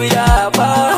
Ya ba